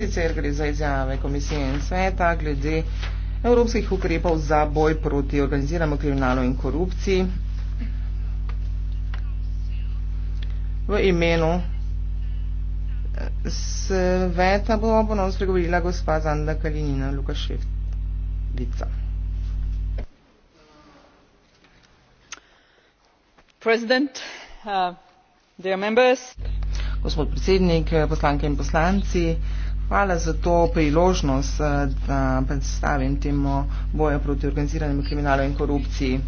sicer gre za izjave Komisije in sveta glede evropskih ukrepov za boj proti organiziranemu kriminalu in korupciji. V imenu eh, sveta bo ponovno spregovorila gospa Zanda Kalinina Lukaševica. President, uh, dear members. Gospod predsednik, eh, poslanke in poslanci, uh, Hvala za to priložnost, eh, da predstavim temo boja proti organiziranemu kriminalu in korupciji.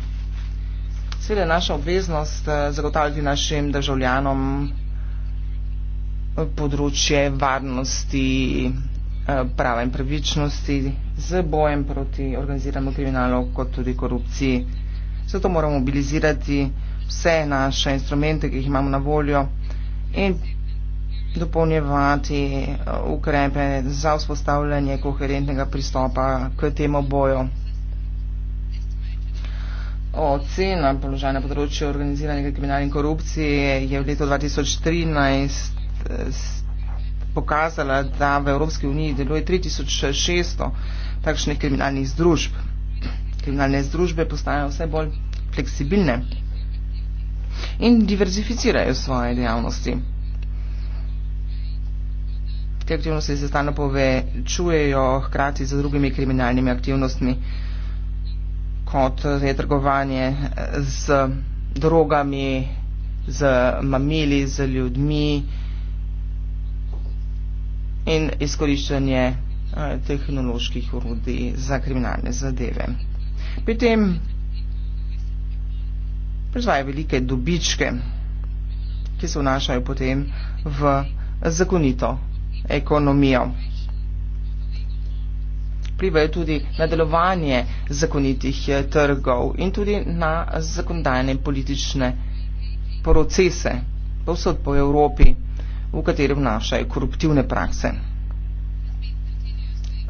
Sveda je naša obveznost eh, zagotavljati našim državljanom eh, področje varnosti, prava in pravičnosti z bojem proti organiziranemu kriminalu kot tudi korupciji. Zato moramo mobilizirati vse naše instrumente, ki jih imamo na voljo in dopolnjevati uh, ukrepe za vzpostavljanje koherentnega pristopa k temu boju. Ocena položaja na področju organiziranega kriminala in korupcije je v letu 2013 eh, pokazala, da v Evropski uniji deluje 3600 takšnih kriminalnih združb. Kriminalne združbe postajajo vse bolj fleksibilne in diverzificirajo svoje dejavnosti. Te aktivnosti se stalno povečujejo hkrati z drugimi kriminalnimi aktivnostmi, kot je trgovanje z drogami, z mamili, z ljudmi in izkoriščanje eh, tehnoloških urodij za kriminalne zadeve. Pri tem prizvajajo velike dobičke, ki se vnašajo potem v zakonito ekonomijo. Plivajo tudi na delovanje zakonitih eh, trgov in tudi na zakonodajne politične procese, povsod po Evropi, v kateri vnašajo koruptivne prakse.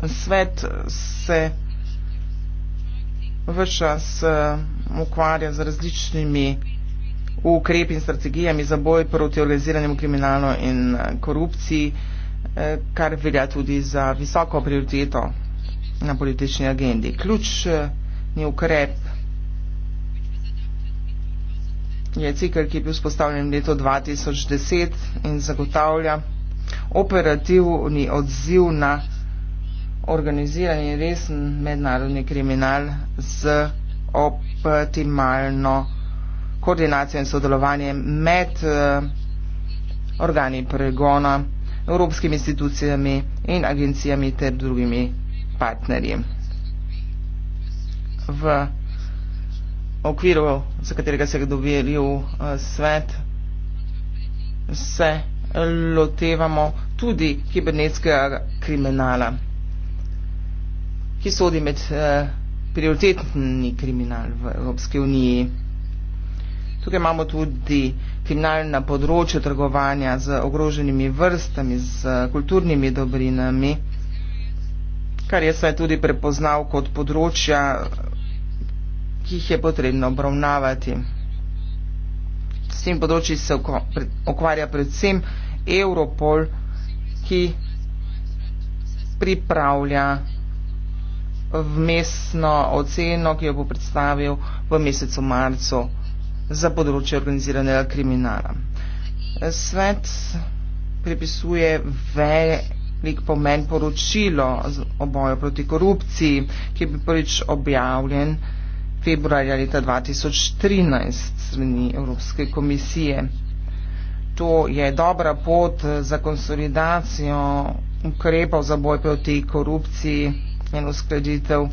Svet se včas eh, ukvarja z različnimi ukrepi in strategijami za boj proti organiziranemu kriminalu in eh, korupciji. Eh, kar velja tudi za visoko prioriteto na politični agendi. Ključni ukrep je cikl, ki je bil spostavljen leto 2010 in zagotavlja operativni odziv na organiziran in resen mednarodni kriminal z optimalno koordinacijo in sodelovanjem med eh, organi pregona evropskimi institucijami in agencijami ter drugimi partnerji. V okviru, za katerega se je dobiril eh, svet, se lotevamo tudi kibernetskega kriminala, ki sodi med eh, prioritetni kriminal v Evropski uniji. Tukaj imamo tudi kriminal na področju trgovanja z ogroženimi vrstami, z kulturnimi dobrinami, kar je svet tudi prepoznal kot področja, ki jih je potrebno obravnavati. S tem področji se okvarja predvsem Europol, ki pripravlja vmesno oceno, ki jo bo predstavil v mesecu marcu za področje organiziranega kriminala. Svet pripisuje velik pomen poročilo o boju proti korupciji, ki bi prvič objavljen februarja leta 2013 strani Evropske komisije. To je dobra pot za konsolidacijo ukrepov za boj proti korupciji in uskladitev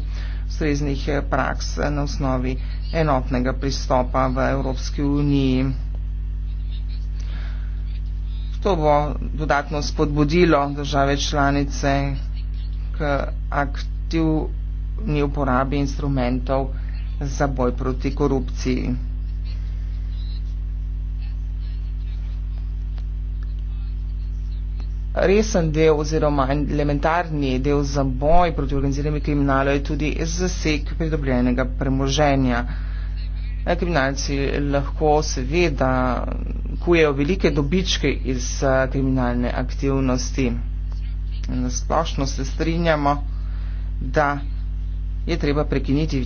ustreznih eh, praks eh, na osnovi enotnega pristopa v Evropski uniji. To bo dodatno spodbudilo države članice k aktivni uporabi instrumentov za boj proti korupciji. resen del oziroma elementarni del za boj proti organiziranemu kriminalu je tudi zaseg pridobljenega premoženja. Eh, kriminalci lahko seveda kujejo velike dobičke iz eh, kriminalne aktivnosti. Na splošno se strinjamo, da je treba prekiniti,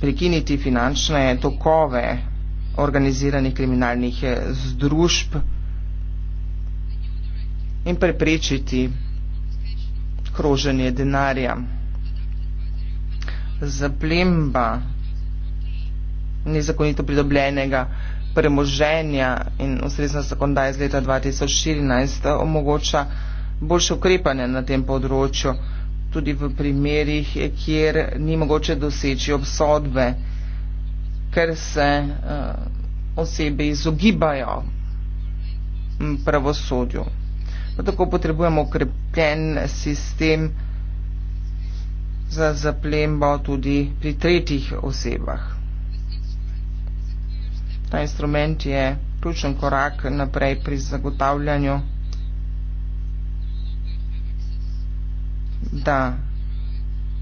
prekiniti finančne tokove organiziranih kriminalnih eh, združb in preprečiti kroženje denarja. Zaplemba nezakonito pridobljenega premoženja in ustrezna zakonodaja iz leta 2014 omogoča boljše ukrepanje na tem področju, tudi v primerih, kjer ni mogoče doseči obsodbe, ker se uh, osebe izogibajo pravosodju. No, tako potrebujemo okrepljen sistem za zaplembo tudi pri tretjih osebah. Ta instrument je ključen korak naprej pri zagotavljanju, da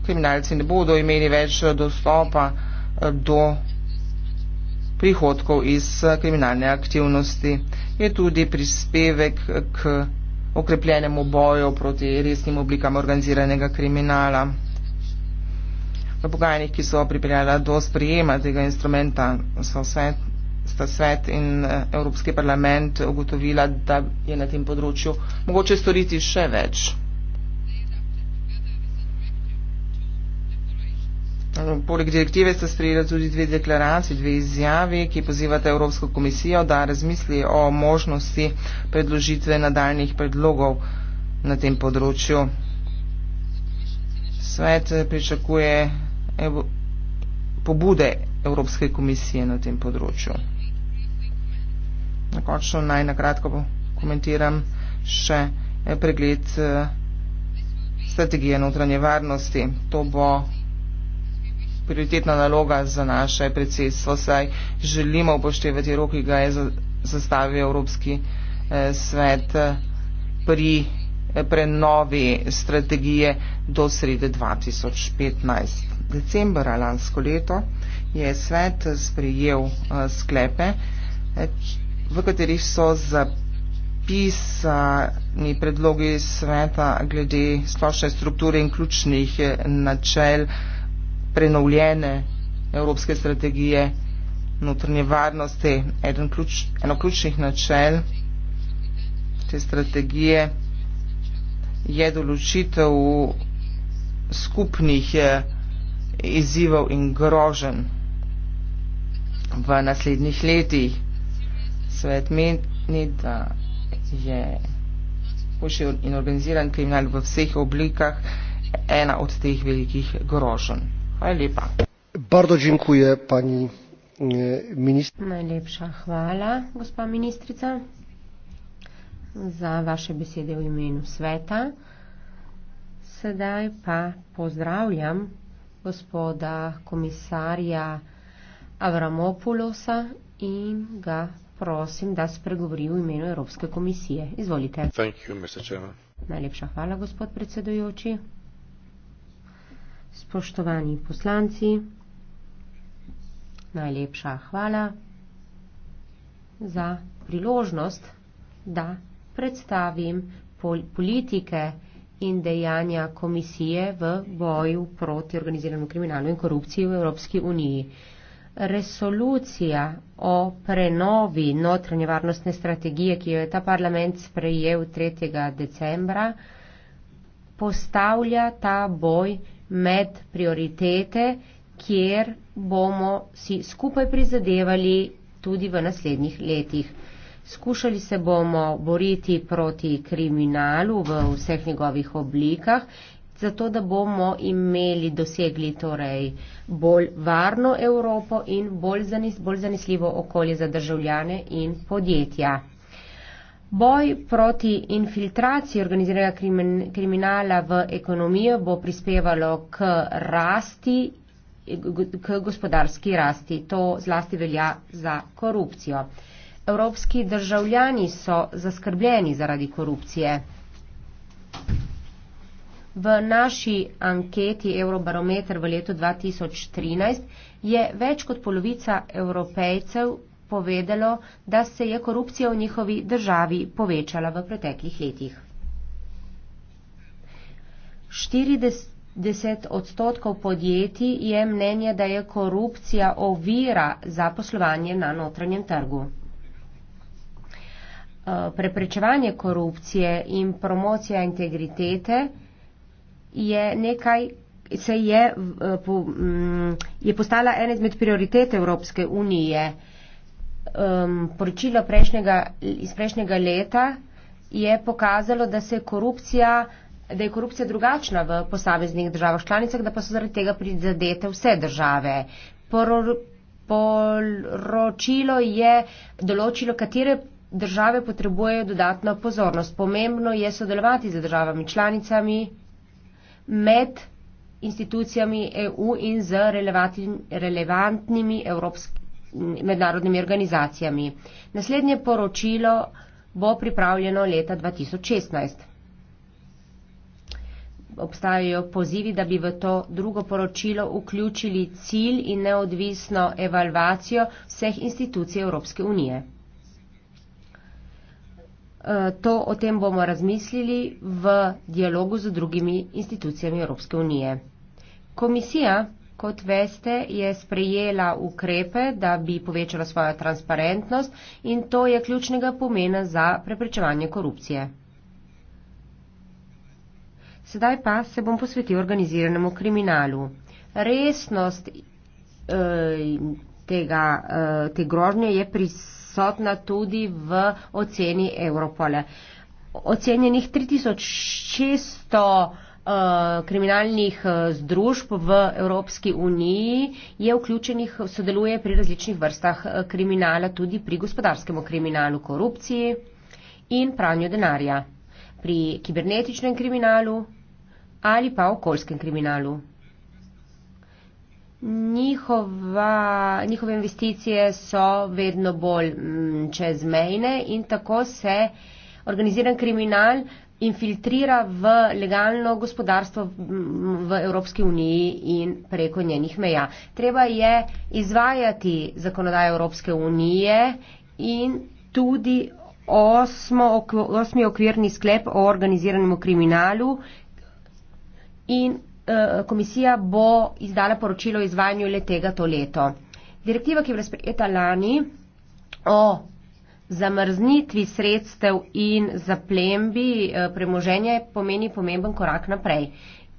kriminalci ne bodo imeli več dostopa eh, do prihodkov iz eh, kriminalne aktivnosti. Je tudi prispevek k okrepljenemu boju proti resnim oblikam organiziranega kriminala. V pogajanjih, ki so pripeljala do sprijema tega instrumenta, so svet, sta svet in eh, Evropski parlament ugotovila, da je na tem področju mogoče storiti še več. No, poleg direktive ste sprejeli tudi dve deklaracije, dve izjavi, ki pozivate Evropsko komisijo, da razmisli o možnosti predložitve nadaljnih predlogov na tem področju. Svet pričakuje pobude Evropske komisije na tem področju. Na končno naj nakratko komentiram še eh, pregled eh, strategije notranje varnosti. To bo prioritetna naloga za naše predsedstvo, saj želimo upoštevati rok, ki ga je zastavil Evropski eh, svet eh, pri eh, prenovi strategije do srede 2015. Decembra lansko leto je svet sprejel sklepe, v katerih so zapisani predlogi sveta glede splošne strukture in ključnih načel prenovljene evropske strategije notrnje varnosti. Eden ključ, eno ključnih načel te strategije je določitev skupnih eh, izzivov in grožen v naslednjih letih. Svet meni, da je pošil in organiziran kriminal v vseh oblikah ena od teh velikih grožen. Bardzo dziękuję pani e, ministrze. Najlepsza chwała, gospa ministrica, za wasze besiedy w imieniu sveta. Sedaj pa pozdrawiam gospoda komisarja Avramopulosa i ga prosim da spregovori w imieniu Europejskiej Komisji. Izvolite. Thank you, Mr. Chairman. Najlepsza chwała, gospod predsedujący. Spoštovani poslanci, najlepša hvala za priložnost, da predstavim politike in dejanja komisije v boju proti organiziranemu kriminalu in korupciji v Evropski uniji. Resolucija o prenovi notranje varnostne strategije, ki jo je ta parlament sprejel 3. decembra, postavlja ta boj med prioritete, kjer bomo si skupaj prizadevali tudi v naslednjih letih. Skušali se bomo boriti proti kriminalu v vseh njegovih oblikah, zato da bomo imeli dosegli torej bolj varno Evropo in bolj zanesljivo okolje za državljane in podjetja. Boj proti infiltraciji organiziranega kriminala v ekonomijo bo prispevalo k rasti, k gospodarski rasti. To zlasti velja za korupcijo. Evropski državljani so zaskrbljeni zaradi korupcije. V naši anketi Eurobarometer v letu 2013 je več kot polovica evropejcev povedalo, da se je korupcija v njihovi državi povečala v preteklih letih. 40 odstotkov podjetij je mnenje, da je korupcija ovira za poslovanje na notranjem trgu. Eh, preprečevanje korupcije in promocija integritete je nekaj, se je, eh, mm, je postala ena izmed prioritet Evropske unije um, poročilo prejšnjega, iz prejšnjega leta je pokazalo, da, je da je korupcija drugačna v posameznih državah članicah, da pa so zaradi tega prizadete vse države. Poror, poročilo je določilo, katere države potrebujejo dodatno pozornost. Pomembno je sodelovati z državami članicami med institucijami EU in z relevantnimi evropskimi mednarodnimi organizacijami. Naslednje poročilo bo pripravljeno leta 2016. Obstajajo pozivi, da bi v to drugo poročilo vključili cilj in neodvisno evalvacijo vseh institucij Evropske unije. E, to o tem bomo razmislili v dialogu z drugimi institucijami Evropske unije. Komisija kot veste, je sprejela ukrepe, da bi povečala svojo transparentnost in to je ključnega pomena za preprečevanje korupcije. Sedaj pa se bom posvetil organiziranemu kriminalu. Resnost eh, tega, eh, te grožnje je prisotna tudi v oceni Evropole. Ocenjenih 3600 uh, kriminalnih uh, združb v Evropski uniji je vključenih, sodeluje pri različnih vrstah uh, kriminala, tudi pri gospodarskem kriminalu, korupciji in pranju denarja, pri kibernetičnem kriminalu ali pa okoljskem kriminalu. Njihova, njihove investicije so vedno bolj m, mm, čezmejne in tako se organiziran kriminal infiltrira v legalno gospodarstvo v Evropski uniji in preko njenih meja. Treba je izvajati zakonodajo Evropske unije in tudi osmo, osmi okvirni sklep o organiziranem kriminalu in eh, komisija bo izdala poročilo o izvajanju le tega to leto. Direktiva, ki je bila sprejeta lani o zamrznitvi sredstev in zaplembi eh, premoženja pomeni pomemben korak naprej.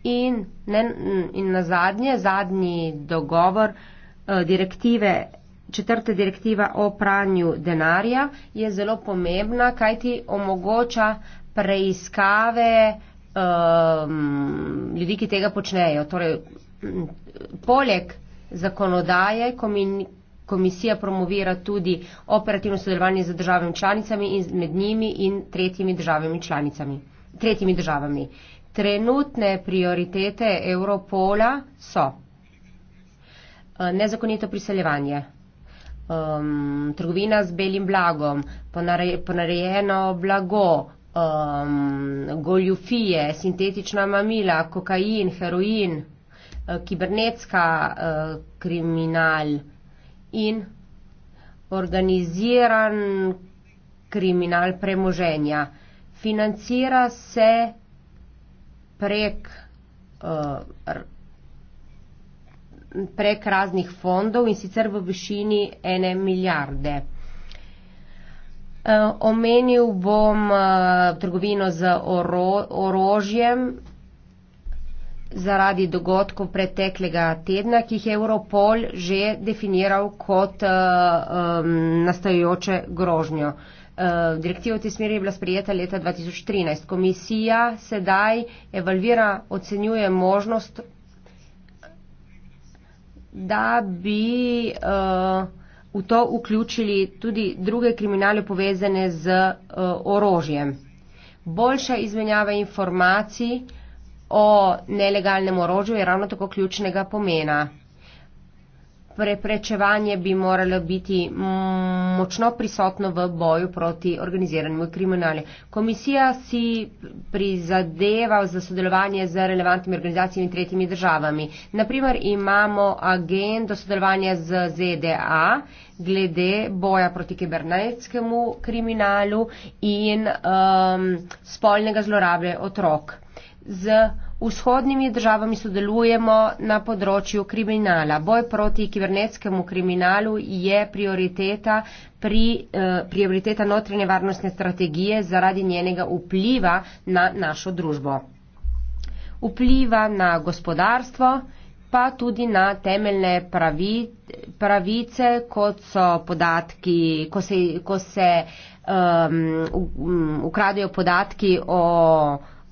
In, ne, in na zadnje, zadnji dogovor eh, direktive, četrta direktiva o pranju denarja je zelo pomembna, kaj ti omogoča preiskave um, ljudi, ki tega počnejo. Torej, poleg zakonodaje, komisija promovira tudi operativno sodelovanje z državami članicami in med njimi in tretjimi državami članicami, tretjimi državami. Trenutne prioritete Europola so eh, nezakonito priseljevanje, um, trgovina z belim blagom, ponare, ponarejeno blago, um, goljufije, sintetična mamila, kokain, heroin, uh, kibernetska uh, kriminal, in organiziran kriminal premoženja. Financira se prek, eh, prek raznih fondov in sicer v višini ene milijarde. Eh, omenil bom eh, trgovino z orožjem, zaradi dogodkov preteklega tedna, ki jih je Europol že definiral kot uh, um, nastajajoče grožnjo. Eh, direktiva v tej smeri je bila sprijeta leta 2013. Komisija sedaj evalvira, ocenjuje možnost, da bi uh, v to vključili tudi druge kriminale povezane z uh, orožjem. Boljša izmenjava informacij uh, o nelegalnem orožju je ravno tako ključnega pomena. Preprečevanje bi moralo biti močno prisotno v boju proti organiziranemu kriminalu. Komisija si prizadeva za sodelovanje z relevantnimi organizacijami in tretjimi državami. Naprimer, imamo agendo sodelovanja z ZDA glede boja proti kibernetskemu kriminalu in um, spolnega zlorabe otrok z vzhodnimi državami sodelujemo na področju kriminala. Boj proti kibernetskemu kriminalu je prioriteta, pri, eh, prioriteta notranje varnostne strategije zaradi njenega vpliva na našo družbo. Vpliva na gospodarstvo, pa tudi na temeljne pravi, pravice, kot so podatki, ko se, ko se um, ukradejo podatki o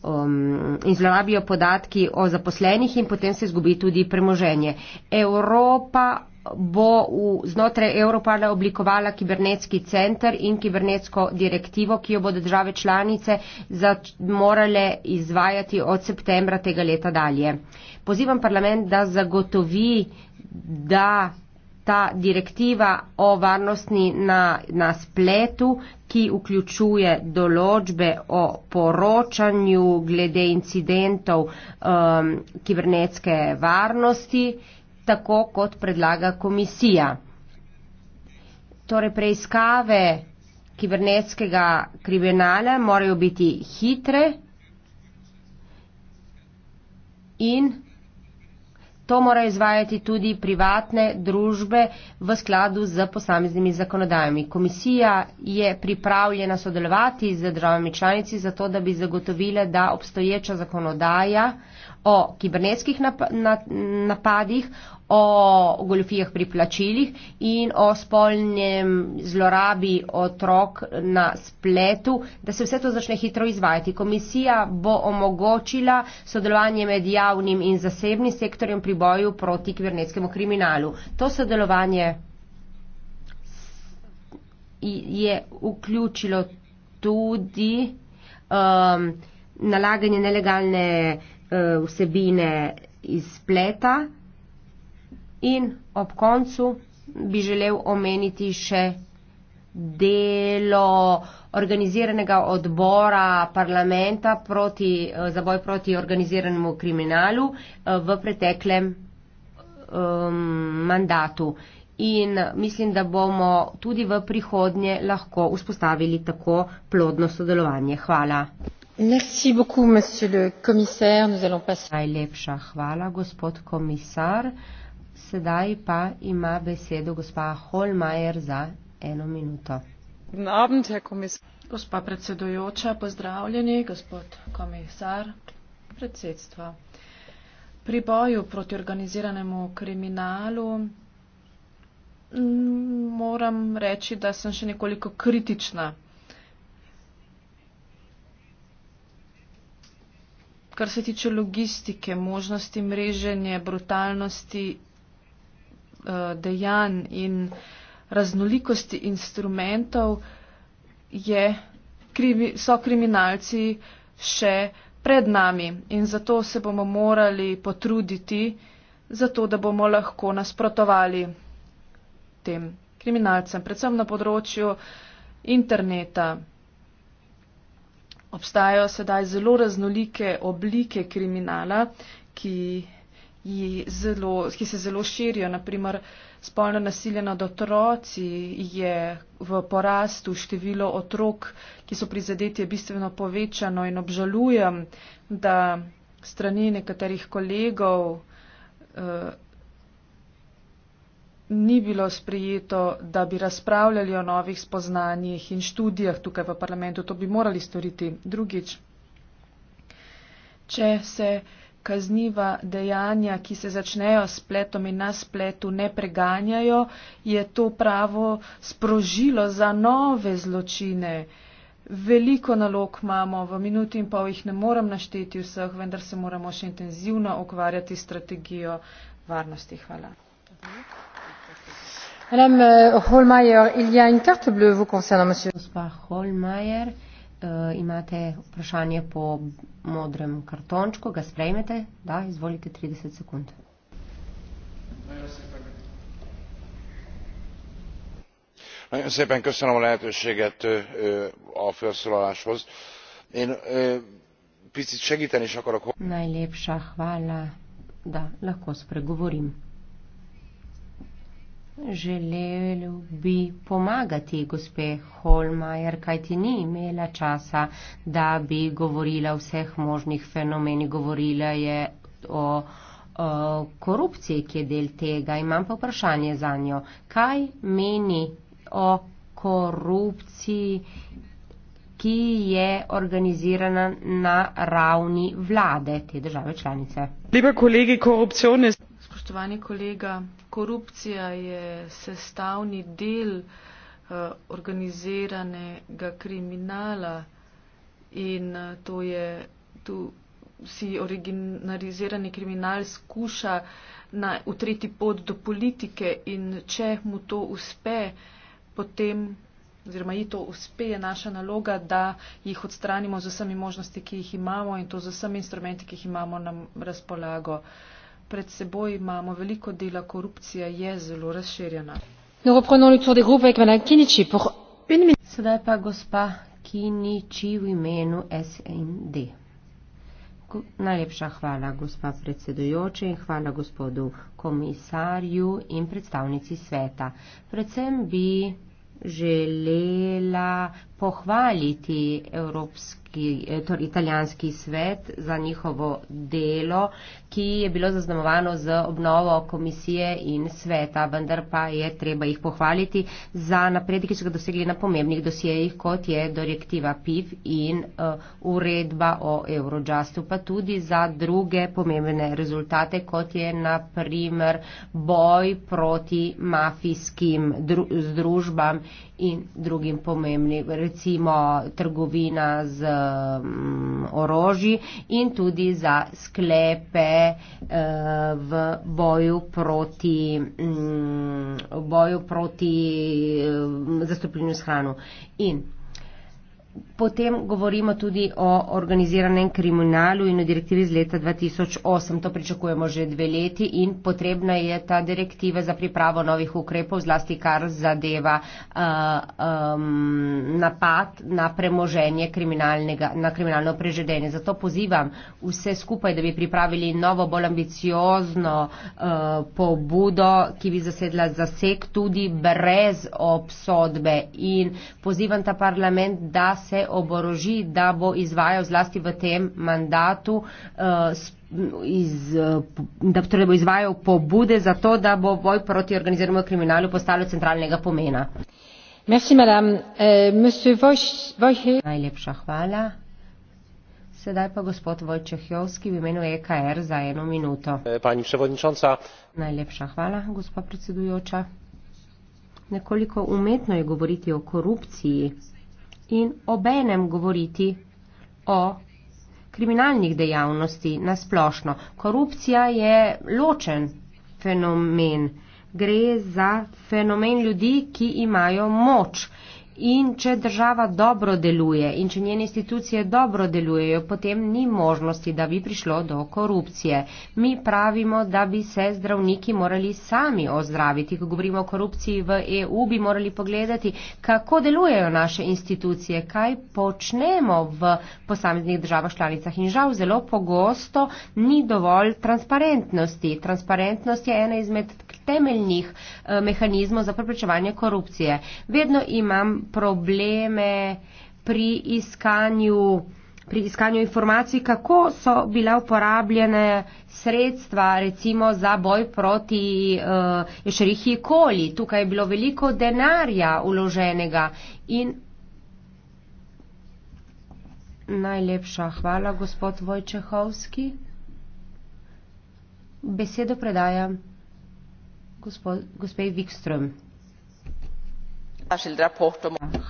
um, in zlorabijo podatki o zaposlenih in potem se izgubi tudi premoženje. Evropa bo v, znotraj Evropala oblikovala kibernetski center in kibernetsko direktivo, ki jo bodo države članice zač, morale izvajati od septembra tega leta dalje. Pozivam parlament, da zagotovi, da ta direktiva o varnosti na, na spletu, ki vključuje določbe o poročanju glede incidentov um, kibernetske varnosti, tako kot predlaga komisija. Torej, preiskave kibernetskega kriminala morajo biti hitre in To morajo izvajati tudi privatne družbe v skladu z posameznimi zakonodajami. Komisija je pripravljena sodelovati z državami članici zato, da bi zagotovile, da obstoječa zakonodaja o kibernetskih nap na napadih, o goljofijah pri plačilih in o spolnem zlorabi otrok na spletu, da se vse to začne hitro izvajati. Komisija bo omogočila sodelovanje med javnim in zasebnim sektorjem pri boju proti kibernetskemu kriminalu. To sodelovanje je vključilo tudi um, nalaganje nelegalne Eh, vsebine iz spleta. In ob koncu bi želel omeniti še delo organiziranega odbora parlamenta proti, eh, za boj proti organiziranemu kriminalu eh, v preteklem um, mandatu. In mislim, da bomo tudi v prihodnje lahko vzpostavili tako plodno sodelovanje. Hvala. Najlepša hvala, gospod komisar. Sedaj pa ima besedo gospa Holmajer za eno minuto. Gospa predsedujoča, pozdravljeni, gospod komisar predsedstva. Pri boju proti organiziranemu kriminalu moram reči, da sem še nekoliko kritična. kar se tiče logistike, možnosti mreženja, brutalnosti eh, dejanj in raznolikosti instrumentov, je, so kriminalci še pred nami in zato se bomo morali potruditi, zato da bomo lahko nasprotovali tem kriminalcem, predvsem na področju interneta obstajajo sedaj zelo raznolike oblike kriminala, ki, zelo, ki se zelo širijo. Naprimer, spolno nasilje nad otroci je v porastu, število otrok, ki so prizadeti, je bistveno povečano in obžalujem, da strani nekaterih kolegov. Uh, ni bilo sprejeto, da bi razpravljali o novih spoznanjih in študijah tukaj v parlamentu. To bi morali storiti drugič. Če se kazniva dejanja, ki se začnejo s pletom in na spletu, ne preganjajo, je to pravo sprožilo za nove zločine. Veliko nalog imamo, v minuti in pol jih ne morem našteti vseh, vendar se moramo še intenzivno ukvarjati strategijo varnosti. Hvala. Thank you madame euh, hohlmeier il y a une carte bleue vous concernant monsieur hohlmeier euh, imate vprašanje po modrem kartončku ga sprejmete da izvolite 30 sekund Nagyon szépen köszönöm a lehetőséget eh, eh, a felszólaláshoz. Én eh, picit segíteni is akarok. Najlepša hvala, da lahko spregovorim želel bi pomagati gospe Holmajer, kaj ti ni imela časa, da bi govorila vseh možnih fenomeni. Govorila je o, o korupciji, ki je del tega. Imam pa vprašanje za njo. Kaj meni o korupciji, ki je organizirana na ravni vlade te države članice? Liebe kolegi, korupcionist spoštovani kolega, korupcija je sestavni del uh, organiziranega kriminala in uh, to je tu si originalizirani kriminal skuša na, utreti pot do politike in če mu to uspe, potem, oziroma ji to uspe, je naša naloga, da jih odstranimo z vsemi možnosti, ki jih imamo in to z vsemi instrumenti, ki jih imamo na razpolago. Uh, pred seboj imamo veliko dela, korupcija je zelo razširjena. Sedaj pa gospa Kiniči v imenu SND. Najlepša hvala, gospa predsedujoča, in hvala gospodu komisarju in predstavnici sveta. Predvsem bi želela pohvaliti Evropski, eh, torej italijanski svet za njihovo delo, ki je bilo zaznamovano z obnovo komisije in sveta, vendar pa je treba jih pohvaliti za napredek, ki so ga dosegli na pomembnih dosjejih, kot je direktiva PIV in uh, uredba o Eurojustu, pa tudi za druge pomembne rezultate, kot je na primer boj proti mafijskim združbam in drugim pomembnim, recimo trgovina z um, orožji in tudi za sklepe uh, v boju proti, um, boju proti um, eh, zastupljenju s hrano. In Potem govorimo tudi o organiziranem kriminalu in o direktivi iz leta 2008. To pričakujemo že dve leti in potrebna je ta direktiva za pripravo novih ukrepov, zlasti kar zadeva uh, um, napad na premoženje kriminalnega, na kriminalno prežedenje. Zato pozivam vse skupaj, da bi pripravili novo, bolj ambiciozno uh, pobudo, ki bi zasedla zasek tudi brez obsodbe in pozivam ta parlament, da se oboroži, da bo izvajal zlasti v tem mandatu, eh, eh, da torej bo izvajal pobude za to, da bo boj proti organiziranemu kriminalu postalo centralnega pomena. Merci, eh, Najlepša hvala. Sedaj pa gospod Vojčehovski v imenu EKR za eno minuto. Eh, pani predsednica. Najlepša hvala, gospod predsedujoča. Nekoliko umetno je govoriti o korupciji in obenem govoriti o kriminalnih dejavnosti na splošno. Korupcija je ločen fenomen. Gre za fenomen ljudi, ki imajo moč in če država dobro deluje in če njene institucije dobro delujejo, potem ni možnosti, da bi prišlo do korupcije. Mi pravimo, da bi se zdravniki morali sami ozdraviti. Ko govorimo o korupciji v EU, bi morali pogledati, kako delujejo naše institucije, kaj počnemo v posameznih državah članicah. In žal, zelo pogosto ni dovolj transparentnosti. Transparentnost je ena izmed temeljnih eh, mehanizmov za preprečevanje korupcije. Vedno imam probleme pri iskanju, pri iskanju informacij, kako so bila uporabljene sredstva recimo za boj proti uh, eh, šerihi koli. Tukaj je bilo veliko denarja uloženega in najlepša hvala, gospod Vojčehovski. Besedo predajam gospod, gospej Vikström.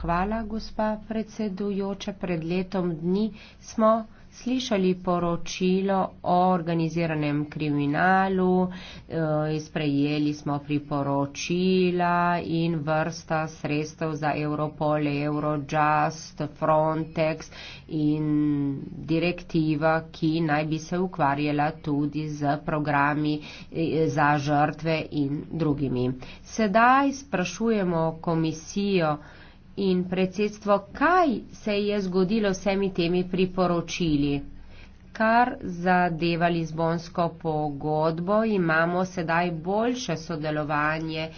Hvala, gospa predsedujoča. Pred letom dni smo slišali poročilo o organiziranem kriminalu, eh, sprejeli smo priporočila in vrsta sredstev za Europol, Eurojust, Frontex in direktiva, ki naj bi se ukvarjala tudi z programi eh, za žrtve in drugimi. Sedaj sprašujemo komisijo, in predsedstvo, kaj se je zgodilo vsemi temi priporočili. Kar zadeva Lizbonsko pogodbo, imamo sedaj boljše sodelovanje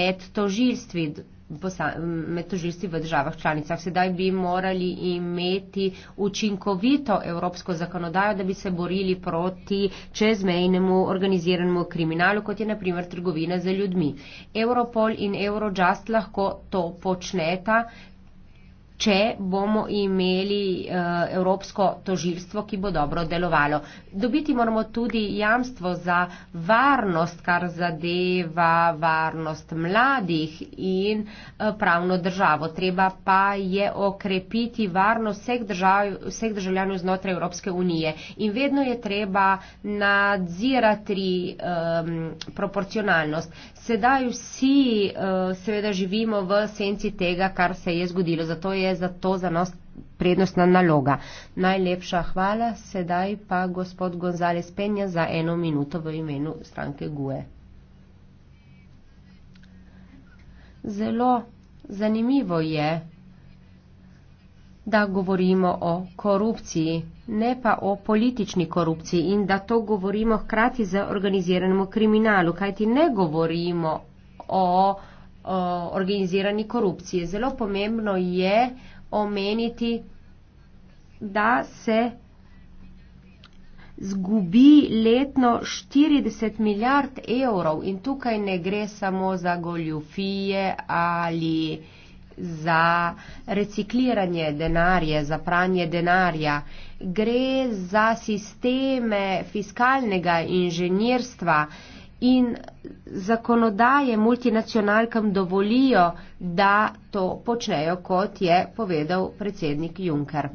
med tožilstvi med tožilstvi v državah članicah. Sedaj bi morali imeti učinkovito evropsko zakonodajo, da bi se borili proti čezmejnemu organiziranemu kriminalu, kot je naprimer trgovina za ljudmi. Europol in Eurojust lahko to počneta, če bomo imeli uh, Evropsko tožilstvo, ki bo dobro delovalo. Dobiti moramo tudi jamstvo za varnost, kar zadeva varnost mladih in uh, pravno državo. Treba pa je okrepiti varnost vseh, držav, vseh državljanov znotraj Evropske unije. In vedno je treba nadzirati um, proporcionalnost. Sedaj vsi uh, seveda živimo v senci tega, kar se je zgodilo. Zato je zato za nas prednostna naloga. Najlepša hvala, sedaj pa gospod Gonzales Penja za eno minuto v imenu stranke GUE. Zelo zanimivo je, da govorimo o korupciji, ne pa o politični korupciji in da to govorimo hkrati z organiziranemu kriminalu, kajti ne govorimo o korupciji o, organizirani korupciji. Zelo pomembno je omeniti, da se zgubi letno 40 milijard evrov in tukaj ne gre samo za goljufije ali za recikliranje denarja, za pranje denarja. Gre za sisteme fiskalnega inženirstva, in zakonodaje multinacionalkam dovolijo, da to počnejo, kot je povedal predsednik Juncker.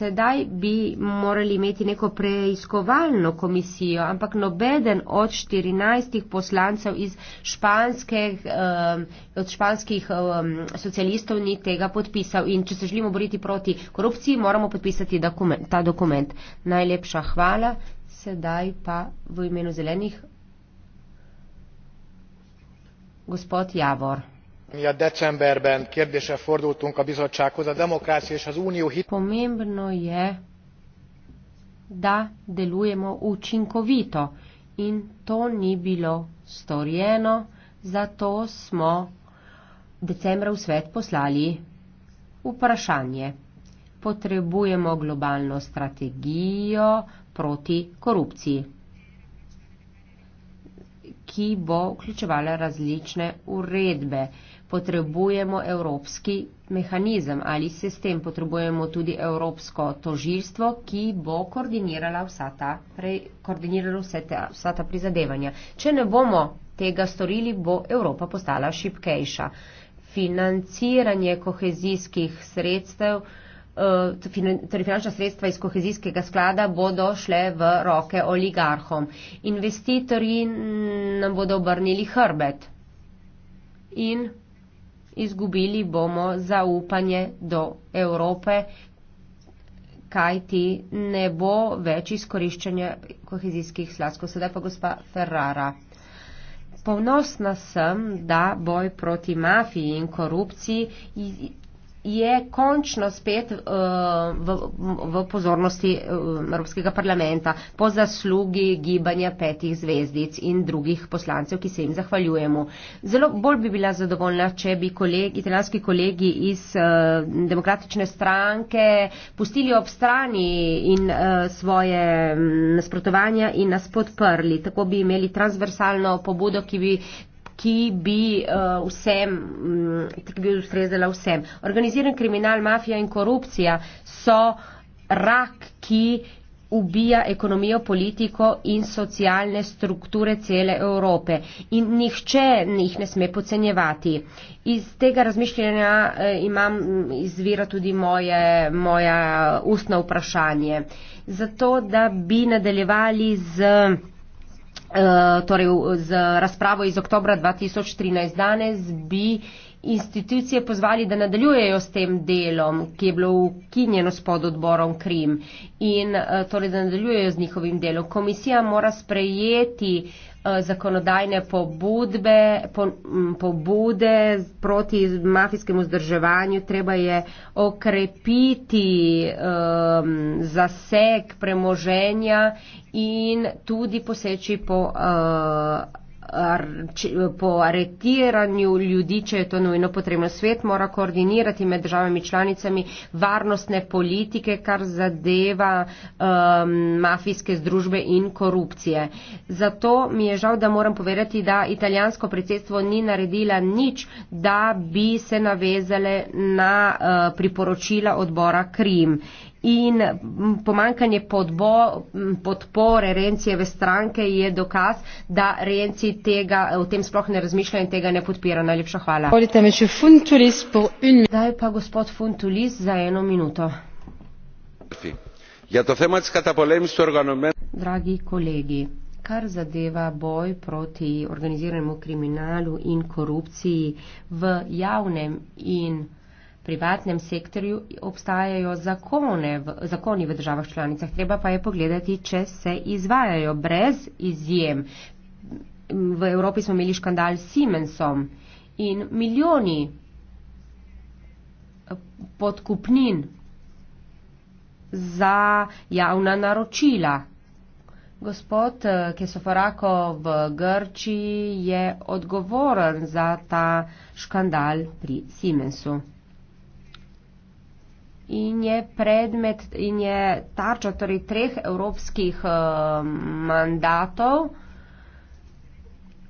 Sedaj bi morali imeti neko preiskovalno komisijo, ampak nobeden od 14 poslancev iz španskih, eh, od španskih eh, socialistov ni tega podpisal. In če se želimo boriti proti korupciji, moramo podpisati dokument, ta dokument. Najlepša hvala. Sedaj pa v imenu zelenih mi a decemberben kérdéssel fordultunk a bizottsághoz a demokrácia és az unió pomembno je da delujemo učinkovito in to ni bilo storjeno zato smo decembra v svet poslali vprašanje potrebujemo globalno strategijo proti korupciji ki bo vključevala različne uredbe. Potrebujemo evropski mehanizem ali sistem, potrebujemo tudi evropsko tožilstvo, ki bo koordinirala vsa ta, pre, koordinirala vse ta, vsa ta prizadevanja. Če ne bomo tega storili, bo Evropa postala šipkejša. Financiranje kohezijskih sredstev. Eh, torej finančna sredstva iz kohezijskega sklada bodo šle v roke oligarhom. Investitorji nam bodo obrnili hrbet in izgubili bomo zaupanje do Evrope, kaj ti ne bo več izkoriščanja kohezijskih sladkov. Sedaj pa gospa Ferrara. Ponosna sem, da boj proti mafiji in korupciji je končno spet uh, v, v pozornosti eh, Evropskega parlamenta po zaslugi gibanja petih zvezdic in drugih poslancev, ki se jim zahvaljujemo. Zelo bolj bi bila zadovoljna, če bi kolegi, italijanski kolegi iz uh, demokratične stranke pustili ob strani in uh, svoje mm, nasprotovanja in nas podprli. Tako bi imeli transversalno pobudo, ki bi ki bi uh, vsem, um, ki bi ustrezala vsem. Organiziran kriminal, mafija in korupcija so rak, ki ubija ekonomijo, politiko in socialne strukture cele Evrope. In nihče jih ne sme pocenjevati. Iz tega razmišljanja eh, imam mm, izvira tudi moje, moja ustna vprašanje. Zato, da bi nadaljevali z. Eh, torej z razpravo iz oktobra 2013 danes bi institucije pozvali, da nadaljujejo s tem delom, ki je bilo ukinjeno s pododborom Krim in eh, torej da nadaljujejo z njihovim delom. Komisija mora sprejeti uh, Eh, zakonodajne pobudbe, po, pobude proti mafijskemu zdrževanju, treba je okrepiti um, zaseg premoženja in tudi poseči po uh, ar, če, po aretiranju ljudi, če je to nujno potrebno. Svet mora koordinirati med državami članicami varnostne politike, kar zadeva um, mafijske združbe in korupcije. Zato mi je žal, da moram povedati, da italijansko predsedstvo ni naredila nič, da bi se navezale na uh, priporočila odbora Krim in pomankanje podbo, podpore Rencijeve stranke je dokaz, da Renci tega, o tem sploh ne razmišlja in tega ne podpira. Najlepša hvala. Daj pa gospod Funtulis za eno minuto. Ja, Dragi kolegi, kar zadeva boj proti organiziranemu kriminalu in korupciji v javnem in privatnem sektorju obstajajo zakone v, zakoni v državah članicah, treba pa je pogledati, če se izvajajo brez izjem. V Evropi smo imeli škandal s Siemensom in milijoni eh, podkupnin za javna naročila. Gospod eh, Kesofarako v Grčiji je odgovoren za ta škandal pri Siemensu in je predmet in je tarča torej treh evropskih uh, mandatov.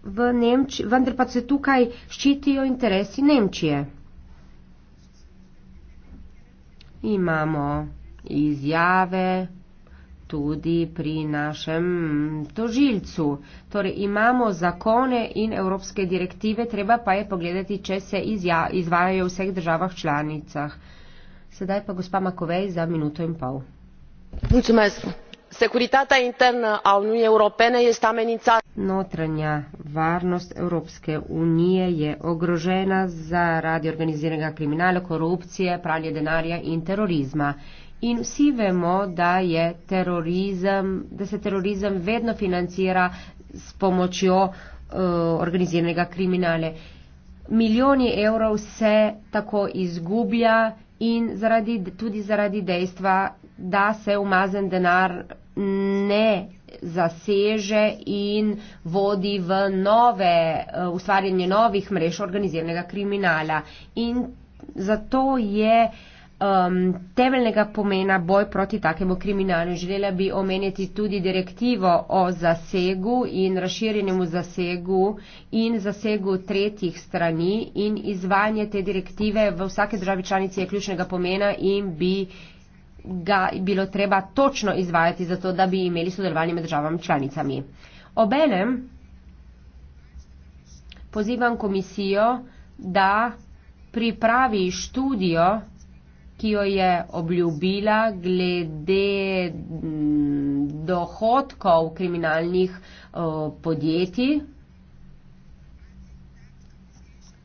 V Nemčiji, vendar pa se tukaj ščitijo interesi Nemčije. Imamo izjave tudi pri našem tožilcu. Torej imamo zakone in evropske direktive, treba pa je pogledati, če se izja, izvajajo v vseh državah članicah sedaj pa gospa macovei za minuto in pol mulțumesc securitatea internă a uniunii europene este amenințată notranja varnost evropske unije je ogrožena zaradi organiziranega kriminala korupcije pranje denarja in terorizma In vsi vemo, da, terorizem, da se terorizem vedno financira s pomočjo uh, organiziranega kriminala milijoni evrov se tako izgublja in zaradi, tudi zaradi dejstva, da se umazen denar ne zaseže in vodi v nove, eh, ustvarjanje novih mrež organiziranega kriminala. In zato je uh, um, temeljnega pomena boj proti takemu kriminalu. Želela bi omeniti tudi direktivo o zasegu in razširjenemu zasegu in zasegu tretjih strani in izvanje te direktive v vsake državi članici je ključnega pomena in bi ga bilo treba točno izvajati, zato da bi imeli sodelovanje med državami članicami. Obenem pozivam komisijo, da pripravi študijo ki jo je obljubila glede mm, dohodkov kriminalnih eh, podjetij.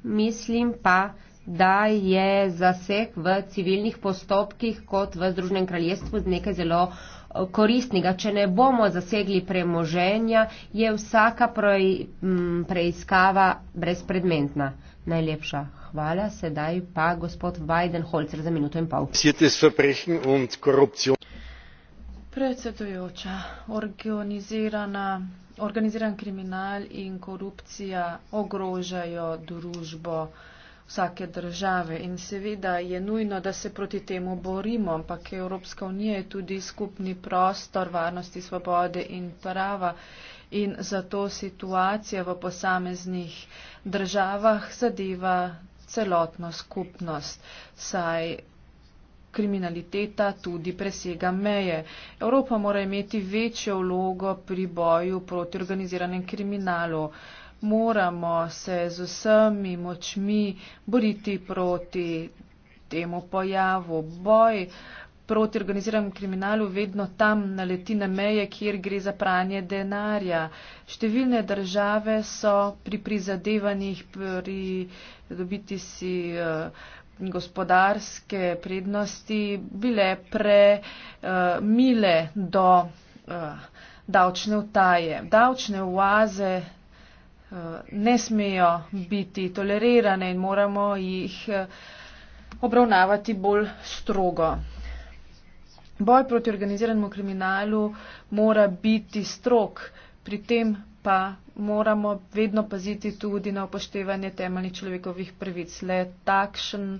Mislim pa, da je zaseg v civilnih postopkih kot v Združenem kraljestvu nekaj zelo eh, koristnega. Če ne bomo zasegli premoženja, je vsaka mm, preiskava brezpredmetna. Najlepša hvala. Sedaj pa gospod Weidenholzer za minuto in pol. Predsedujoča, organiziran kriminal in korupcija ogrožajo družbo vsake države in seveda je nujno, da se proti temu borimo, ampak Evropska unija je tudi skupni prostor varnosti, svobode in prava in zato situacija v posameznih državah zadeva celotno skupnost, saj kriminaliteta tudi presega meje. Evropa mora imeti večjo vlogo pri boju proti organiziranem kriminalu. Moramo se z vsemi močmi boriti proti temu pojavu. Boj uh, proti organiziranemu kriminalu vedno tam naleti na meje, kjer gre za pranje denarja. Številne države so pri prizadevanjih pri dobiti si eh, gospodarske prednosti bile premile eh, do eh, davčne utaje. Davčne oaze ne smejo biti tolerirane in moramo jih obravnavati bolj strogo. Boj proti organiziranemu kriminalu mora biti strok, pri tem pa moramo vedno paziti tudi na upoštevanje temeljnih človekovih prvic. Le takšen,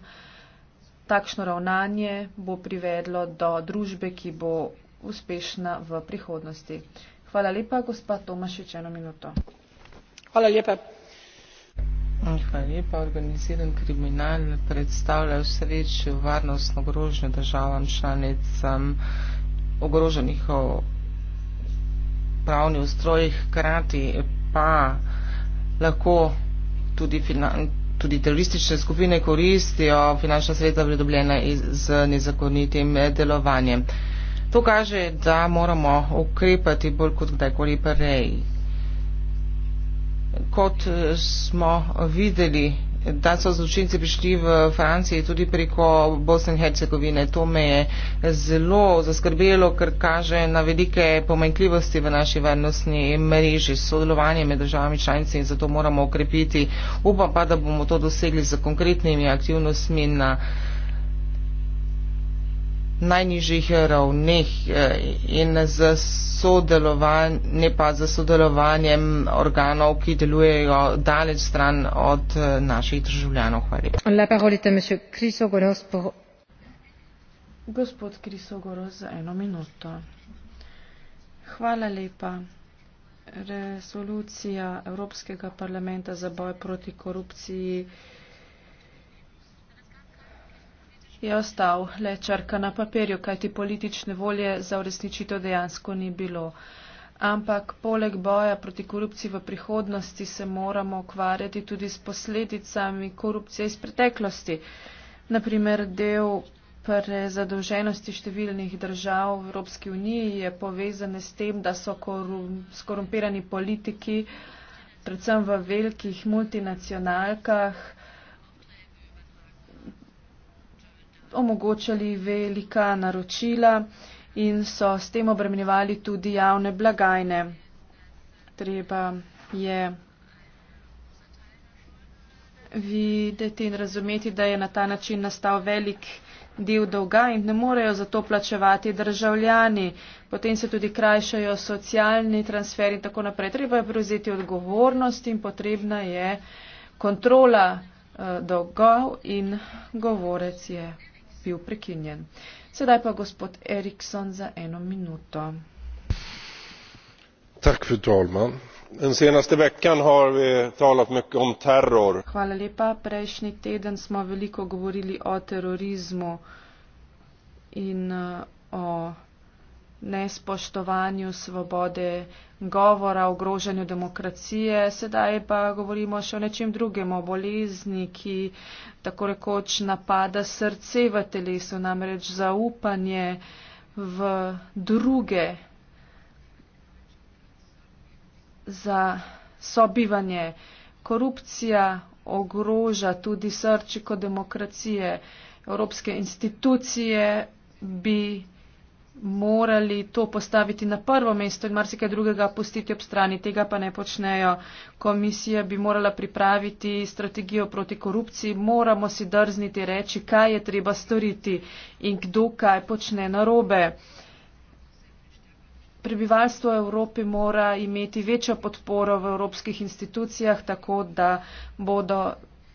takšno ravnanje bo privedlo do družbe, ki bo uspešna v prihodnosti. Hvala lepa, gospa Tomašič, eno minuto. Hvala lepa. Hvala lepa. Organiziran kriminal predstavlja v sreči varnostno grožnjo državam članicam ogroženih o pravni ustrojih, krati pa lahko tudi finančno tudi teroristične skupine koristijo finančna sredstva pridobljena z nezakonitim eh, delovanjem. To kaže, da moramo ukrepati bolj kot kdajkoli prej kot eh, smo videli, da so zločinci prišli v Franciji tudi preko Bosne in Hercegovine. To me je zelo zaskrbelo, ker kaže na velike pomanjkljivosti v naši varnostni mreži, sodelovanje med državami članicami in zato moramo okrepiti. Upam pa, da bomo to dosegli z konkretnimi aktivnostmi na najnižjih ravneh eh, in za sodelovanje, pa za sodelovanje organov, ki delujejo daleč stran od eh, naših državljanov. Hvala. Gospod Krisogoro, za eno minuto. Hvala lepa. Resolucija Evropskega parlamenta za boj proti korupciji je ostal le črka na papirju, kajti politične volje za uresničitev dejansko ni bilo. Ampak poleg boja proti korupciji v prihodnosti se moramo ukvarjati tudi s posledicami korupcije iz preteklosti. Naprimer, del prezadolženosti številnih držav v Evropski uniji je povezan s tem, da so skorumpirani politiki, predvsem v velikih multinacionalkah, omogočali velika naročila in so s tem obremenjevali tudi javne blagajne. Treba je videti in razumeti, da je na ta način nastal velik del dolga in ne morejo za to plačevati državljani. Potem se tudi krajšajo socialni transfer in tako naprej. Treba je prevzeti odgovornost in potrebna je kontrola eh, dolgov in govorec je bil prekinjen. Sedaj pa gospod Eriksson za eno minuto. Tak, Hvala lepa. Prejšnji teden smo veliko govorili o terorizmu in uh, o nespoštovanju svobode govora, ogrožanju demokracije. Sedaj pa govorimo še o nečem drugem, o bolezni, ki tako rekoč napada srce v telesu, namreč zaupanje v druge za sobivanje. Korupcija ogroža tudi srčiko demokracije. Evropske institucije bi morali to postaviti na prvo mesto in marsikaj drugega pustiti ob strani. Tega pa ne počnejo. Komisija bi morala pripraviti strategijo proti korupciji. Moramo si drzniti reči, kaj je treba storiti in kdo kaj počne narobe. Prebivalstvo Evropi mora imeti večjo podporo v evropskih institucijah, tako da bodo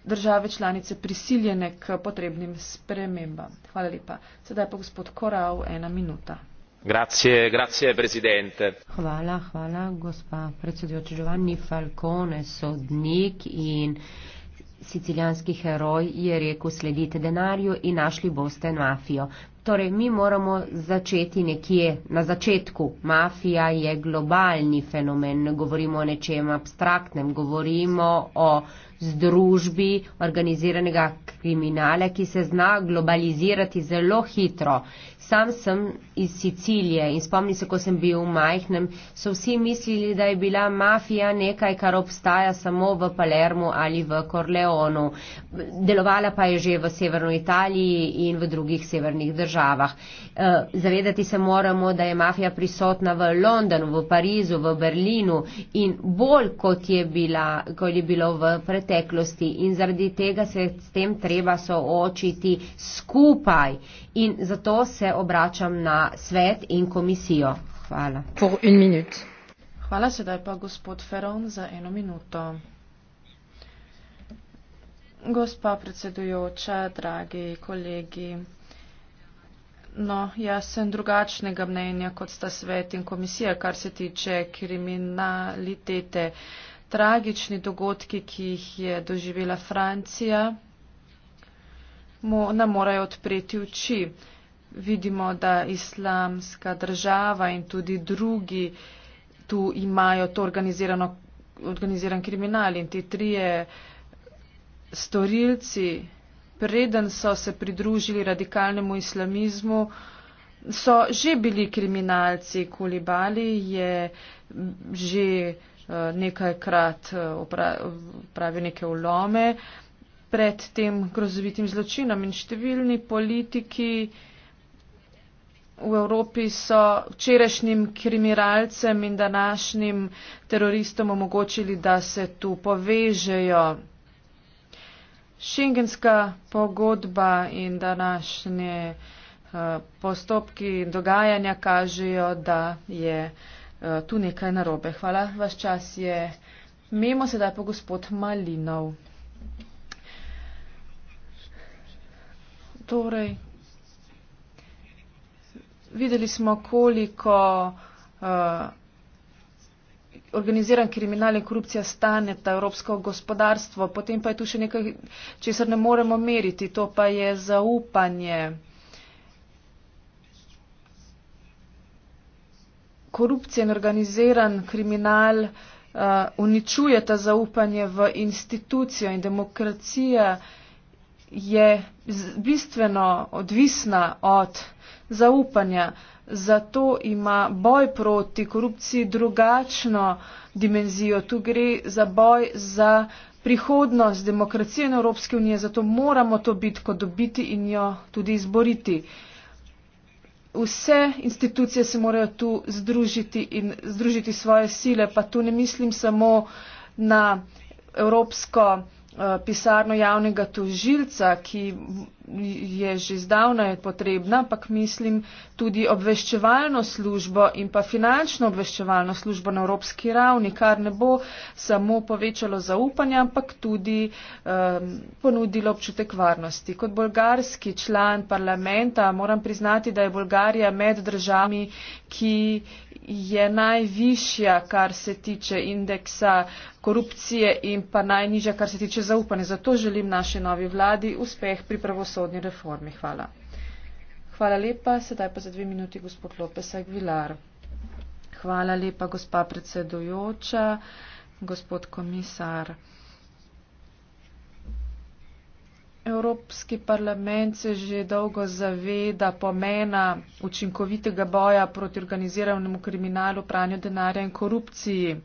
države članice prisiljene k potrebnim spremembam. Hvala lepa. Sedaj pa gospod Korav, ena minuta. Grazie, grazie presidente. Hvala, hvala, gospa predsedujoča Giovanni Falcone, sodnik in sicilijanski heroj je rekel, sledite denarju in našli boste mafijo. Torej, mi moramo začeti nekje na začetku. Mafija je globalni fenomen, ne govorimo o nečem abstraktnem, govorimo o združbi organiziranega kriminala, ki se zna globalizirati zelo hitro. Sam sem iz Sicilije in spomni se, ko sem bil v majhnem, so vsi mislili, da je bila mafija nekaj, kar obstaja samo v Palermu ali v Korleonu. Delovala pa je že v severno Italiji in v drugih severnih državah. Eh, zavedati se moramo, da je mafija prisotna v Londonu, v Parizu, v Berlinu in bolj kot je, bila, kot je bilo v preteklosti. In zaradi tega se s tem treba soočiti skupaj in zato se obračam na svet in komisijo. Hvala. Hvala sedaj pa gospod Feron za eno minuto. Gospa predsedujoča, dragi kolegi. No, jaz sem drugačnega mnenja kot sta svet in komisija, kar se tiče kriminalitete. Tragični dogodki, ki jih je doživela Francija, mu nam morajo odpreti oči. Vidimo, da islamska država in tudi drugi tu imajo to organiziran kriminal in ti trije storilci, preden so se pridružili radikalnemu islamizmu, so že bili kriminalci. Kulibali je že eh, nekajkrat eh, pravil neke vlome pred tem grozovitim zločinom. In številni politiki v Evropi so včerajšnjim kriminalcem in današnjim teroristom omogočili, da se tu povežejo. Šengenska pogodba in današnje uh, postopki in dogajanja kažejo, da je uh, tu nekaj narobe. Hvala, vaš čas je. Memo sedaj pa gospod Malinov. Torej, videli smo, koliko uh, organiziran kriminal in korupcija stane ta evropsko gospodarstvo. Potem pa je tu še nekaj, česar ne moremo meriti, to pa je zaupanje. Korupcija in organiziran kriminal uh, uničujeta zaupanje v institucijo in demokracija. Uh, je bistveno odvisna od zaupanja. Zato ima boj proti korupciji drugačno dimenzijo. Tu gre za boj za prihodnost demokracije in Evropske unije. Zato moramo to bitko dobiti in jo tudi izboriti. Vse institucije se morajo tu združiti in združiti svoje sile, pa tu ne mislim samo na evropsko Eh, pisarno javnega tožilca, ki je že zdavnaj potrebna, ampak mislim tudi obveščevalno službo in pa finančno obveščevalno službo na evropski ravni, kar ne bo samo povečalo zaupanje, ampak tudi um, ponudilo občutek varnosti. Kot bolgarski član parlamenta moram priznati, da je Bolgarija med državami, ki je najvišja, kar se tiče indeksa korupcije in pa najnižja, kar se tiče zaupanja. Zato želim naši novi vladi uspeh pri pravosodni reformi. Hvala. Hvala lepa. Sedaj pa za dve minuti gospod Lopes Aguilar. Hvala lepa, gospa predsedujoča, gospod komisar. Evropski parlament se že dolgo zaveda pomena učinkovitega boja proti organiziranemu kriminalu, pranju denarja in korupciji.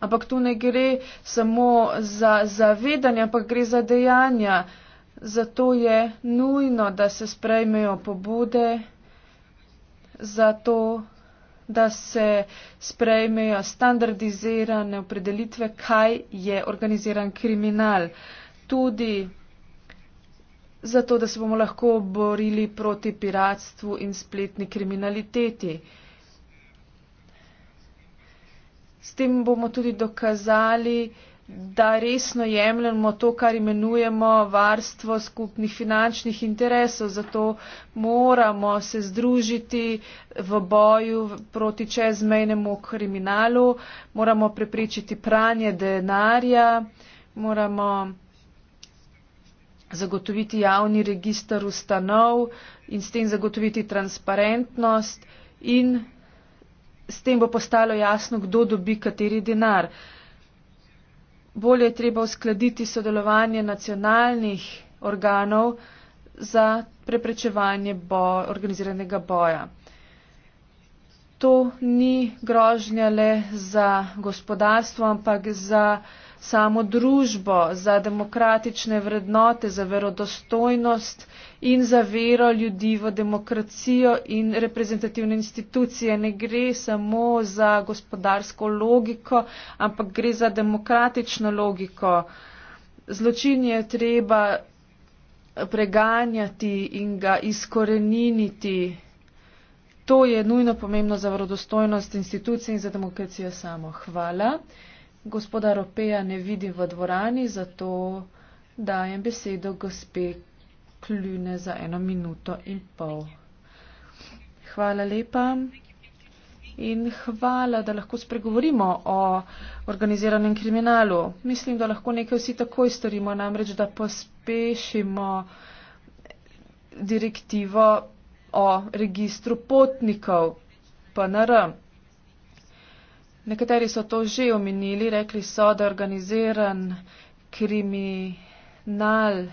Ampak tu ne gre samo za zavedanje, ampak gre za dejanja. Zato je nujno, da se sprejmejo pobude, zato, da se sprejmejo standardizirane opredelitve, kaj je organiziran kriminal. Uh, tudi zato, da se bomo lahko borili proti piratstvu in spletni kriminaliteti. S tem bomo tudi dokazali, da resno jemljamo to, kar imenujemo varstvo skupnih finančnih interesov. Zato moramo se združiti v boju proti čezmejnemu kriminalu, moramo preprečiti pranje denarja, moramo zagotoviti javni registr ustanov in s tem zagotoviti transparentnost in s tem bo postalo jasno, kdo dobi kateri denar. Bolje je treba uskladiti sodelovanje nacionalnih organov za preprečevanje bo, organiziranega boja. To ni grožnja le za gospodarstvo, ampak za samo družbo, za demokratične vrednote, za verodostojnost in za vero ljudi v demokracijo in reprezentativne institucije. Ne gre samo za gospodarsko logiko, ampak gre za demokratično logiko. Zločin je treba preganjati in ga izkoreniniti. To je nujno pomembno za verodostojnost institucij in za demokracijo samo. Hvala gospoda Ropeja ne vidim v dvorani, zato dajem besedo gospe Kljune za eno minuto in pol. Hvala lepa in hvala, da lahko spregovorimo o organiziranem kriminalu. Mislim, da lahko nekaj vsi takoj storimo, namreč da pospešimo direktivo o registru potnikov PNR. Po Nekateri so to že omenili, rekli so, da organiziran kriminal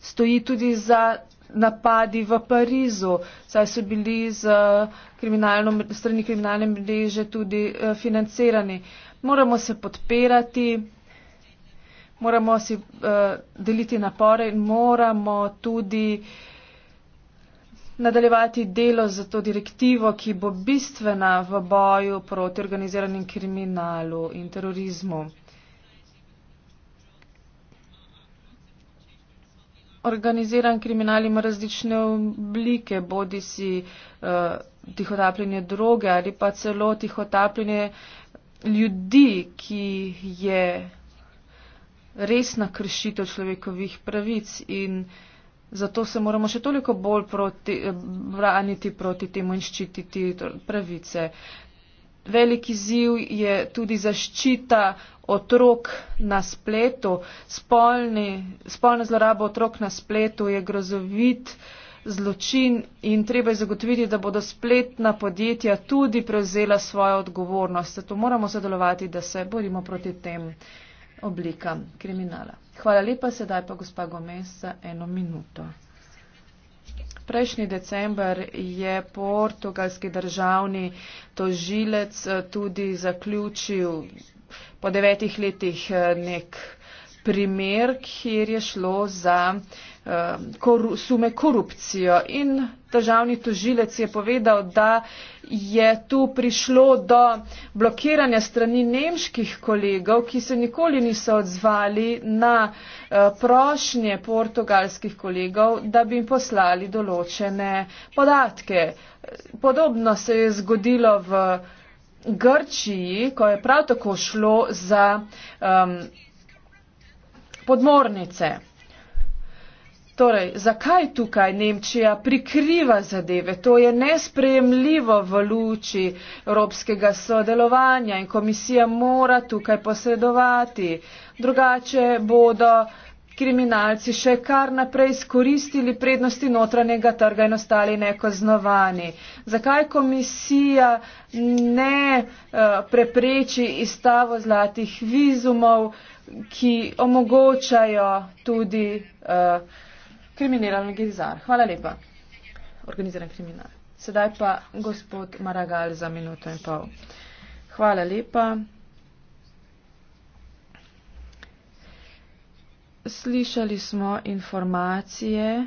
stoji tudi za napadi v Parizu, saj so bili z kriminalno, strani kriminalne mreže tudi eh, financirani. Moramo se podpirati, moramo si uh, deliti napore in moramo tudi uh, nadaljevati delo za to direktivo, ki bo bistvena v boju proti organiziranim kriminalu in terorizmu. Organiziran kriminal ima različne oblike, bodi si uh, tihotapljenje droge ali pa celo tihotapljenje ljudi, ki je resna kršitev človekovih pravic in uh, Zato se moramo še toliko bolj proti, eh, braniti proti temu in ščititi pravice. Veliki ziv je tudi zaščita otrok na spletu. Spolni, spolna zloraba otrok na spletu je grozovit zločin in treba je zagotoviti, da bodo spletna podjetja tudi prevzela svojo odgovornost. Zato moramo sodelovati, da se borimo proti temu oblika kriminala. Hvala lepa, sedaj pa gospa Gomez za eno minuto. Prejšnji december je portugalski državni tožilec eh, tudi zaključil po devetih letih eh, nek primer, kjer je šlo za eh, sume korupcijo. In državni tožilec je povedal, da je tu prišlo do blokiranja strani nemških kolegov, ki se nikoli niso odzvali na eh, prošnje portugalskih kolegov, da bi jim poslali določene podatke. Podobno se je zgodilo v Grčiji, ko je prav tako šlo za. Um, podmornice. Torej, zakaj tukaj Nemčija prikriva zadeve? To je nesprejemljivo v luči evropskega sodelovanja in komisija mora tukaj posredovati. Drugače bodo kriminalci še kar naprej skoristili prednosti notranjega trga in ostali nekoznovani. Zakaj komisija ne uh, prepreči izstavo zlatih vizumov uh, ki omogočajo tudi uh, kriminalni gizar. Hvala lepa. Organiziran kriminal. Sedaj pa gospod Maragal za minuto in pol. Hvala lepa. Slišali smo informacije